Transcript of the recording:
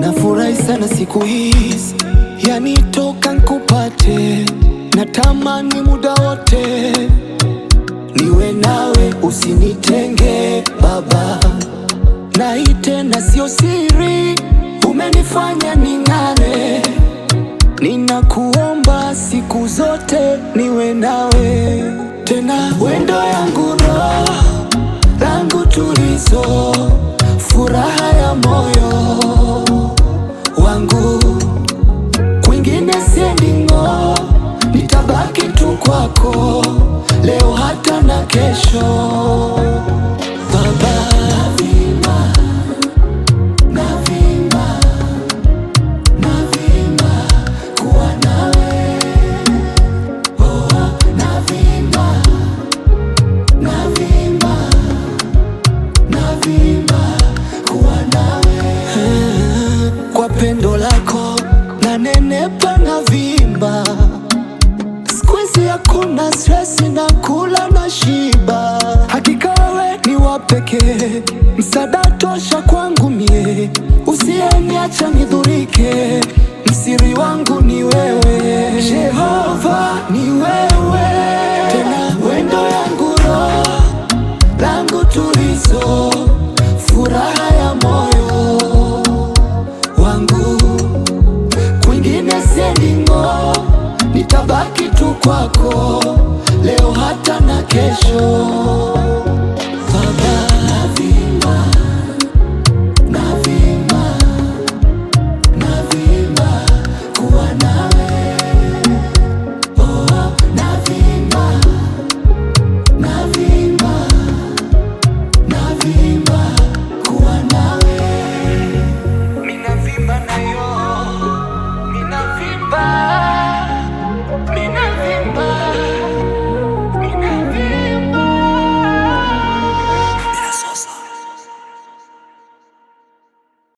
Nafurahi sana siku hizi, yani toka nkupate, natamani muda wote niwe nawe, usinitenge Baba, naitena sio siri siku zote niwe nawe tena, wendo yangu roho langu tulizo, furaha ya moyo wangu, kwingine sendingo nitabaki tu kwako leo hata na kesho. pendo lako na nenepa na vimba, squeeze hakuna stress na kula na shiba. Hakika wewe ni wa pekee, tosha kwangu mie, usiyeniacha nidhurike. maringo, nitabaki tu kwako leo hata na kesho.